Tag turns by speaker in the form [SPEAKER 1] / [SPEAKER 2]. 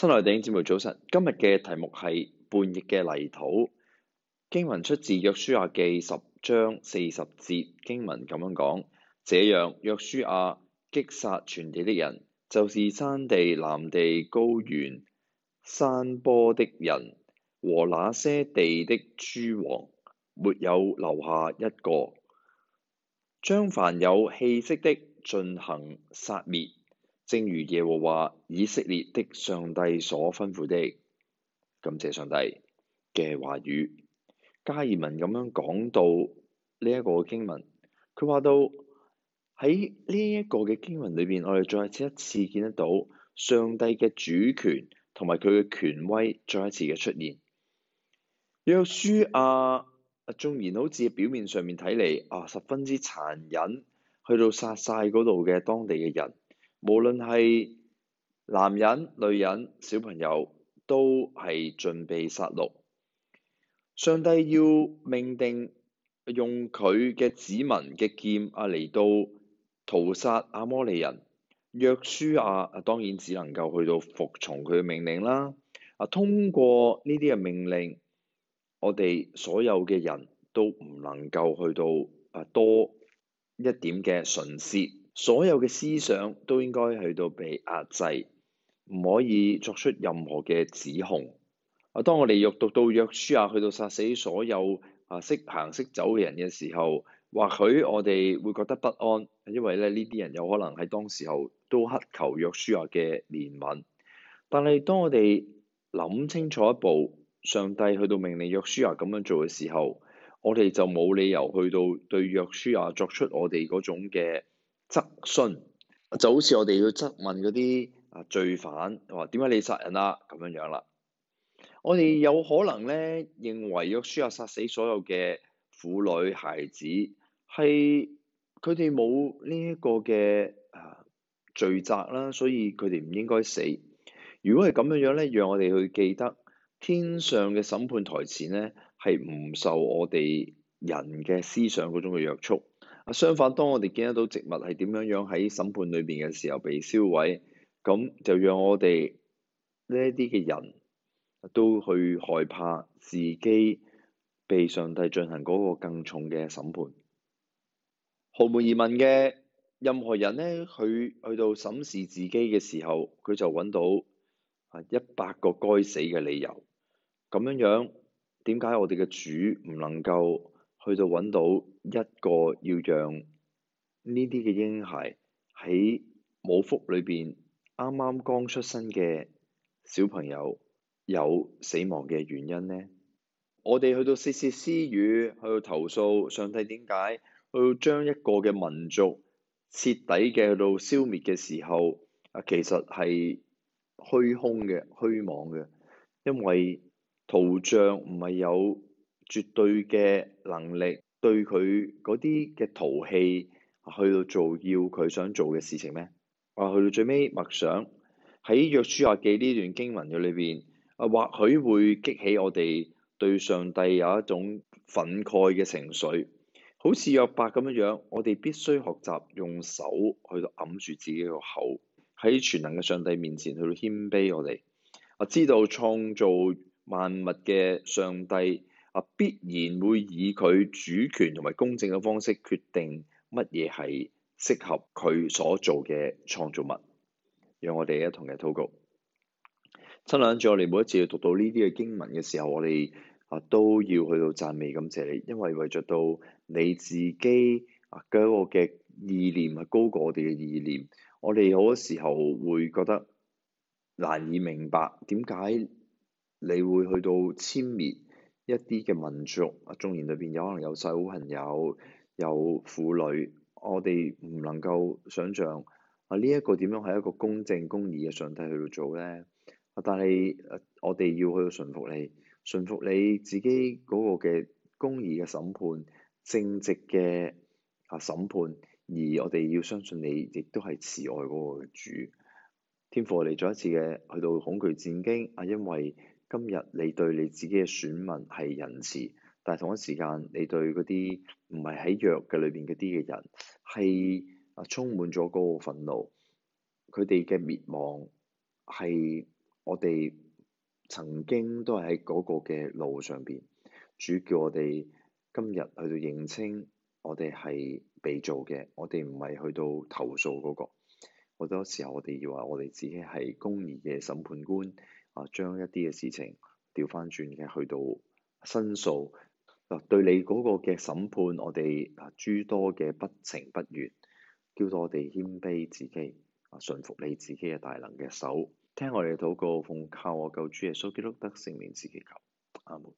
[SPEAKER 1] 親愛的弟兄姐妹們，早晨，今日嘅題目係叛逆嘅泥土。經文出自約書亞記十章四十節，經文咁樣講，這樣約書亞擊殺全地的人，就是山地、南地、高原、山坡的人和那些地的諸王，沒有留下一個，將凡有氣息的進行殺滅。正如耶和華以色列的上帝所吩咐的，感謝上帝嘅話語。加爾文咁樣講到呢一個經文，佢話到喺呢一個嘅經文裏邊，我哋再一次一次見得到上帝嘅主權同埋佢嘅權威再一次嘅出現。約書亞啊，縱然好似表面上面睇嚟，啊，十分之殘忍，去到殺晒嗰度嘅當地嘅人。無論係男人、女人、小朋友，都係準備殺戮。上帝要命定用佢嘅子民嘅劍啊嚟,到屠殺阿摩利人。約書亞啊，當然只能夠去到服從佢嘅命令啦。啊，通過呢啲嘅命令，我哋所有嘅人都唔能夠去到啊多一點嘅純潔。所有嘅思想都應該去到被壓制，唔可以作出任何嘅指控。啊，當我哋閱讀到約書亞、啊、去到殺死所有啊識行識走嘅人嘅時候，或許我哋會覺得不安，因為咧呢啲人有可能喺當時候都乞求約書亞嘅憐憫。但係當我哋諗清楚一步，上帝去到命令約書亞、啊、咁樣做嘅時候，我哋就冇理由去到對約書亞、啊、作出我哋嗰種嘅質詢，就好似我哋要質問嗰啲啊罪犯，話點解你殺人啦，啊、咁樣樣啦。我哋有可能咧認為約書亞殺死所有嘅婦女孩子係佢哋冇呢一個嘅啊罪責啦，所以佢哋唔應該死。如果係咁樣樣咧，讓我哋去記得天上嘅審判台前咧係唔受我哋人嘅思想嗰種嘅約束。相反，當我哋見得到植物係點樣樣喺審判裏邊嘅時候被銷毀，咁就讓我哋呢一啲嘅人都去害怕自己被上帝進行嗰個更重嘅審判。毫無疑問嘅，任何人呢佢去，去到審視自己嘅時候，佢就揾到一百個該死嘅理由。咁樣樣，點解我哋嘅主唔能夠？去到揾到一個要讓呢啲嘅嬰孩喺母腹裏邊啱啱剛出生嘅小朋友有死亡嘅原因呢？我哋去到竊竊私語，去到投訴上帝點解去到將一個嘅民族徹底嘅去到消滅嘅時候啊，其實係虛空嘅、虛妄嘅，因為圖像唔係有。絕對嘅能力對佢嗰啲嘅陶器去到做要佢想做嘅事情咩？啊，去到最尾默想喺約書亞記呢段經文嘅裏邊，啊，或許會激起我哋對上帝有一種憤慨嘅情緒，好似約伯咁樣樣。我哋必須學習用手去到揞住自己個口，喺全能嘅上帝面前去到謙卑我哋。我知道創造萬物嘅上帝，必然會以佢主權同埋公正嘅方式決定乜嘢係適合佢所做嘅創造物。讓我哋一同嘅禱告。親，諗住我哋每一次要讀到呢啲嘅經文嘅時候，我哋啊都要去到讚美感謝你，因為為著到你自己啊嘅個嘅意念係高過我哋嘅意念，我哋好多時候會覺得難以明白點解你會去到殲滅。一啲嘅民族啊，眾人裏邊有可能有細好朋友，有婦女，我哋唔能夠想像啊呢一、這個點樣係一個公正公義嘅上帝去到做咧、啊？但係、啊、我哋要去到順服你，順服你自己嗰個嘅公義嘅審判，正直嘅啊審判，而我哋要相信你，亦都係慈愛嗰個主。天父我哋再一次嘅，去到恐懼戰驚啊，因為。今日你對你自己嘅選民係仁慈，但係同一時間你對嗰啲唔係喺約嘅裏邊嗰啲嘅人係啊充滿咗嗰個憤怒，佢哋嘅滅亡係我哋曾經都係喺嗰個嘅路上邊，主叫我哋今日去到認清我哋係被造嘅，我哋唔係去到投訴嗰、那個，好多時候我哋要話我哋自己係公義嘅審判官。啊，將一啲嘅事情調翻轉嘅，去到申訴，嗱，對你嗰個嘅審判，我哋啊諸多嘅不情不願，叫到我哋謙卑自己，啊順服你自己嘅大能嘅手，聽我哋嘅禱告，奉靠我救主耶穌基督得勝聖名自己求。阿門。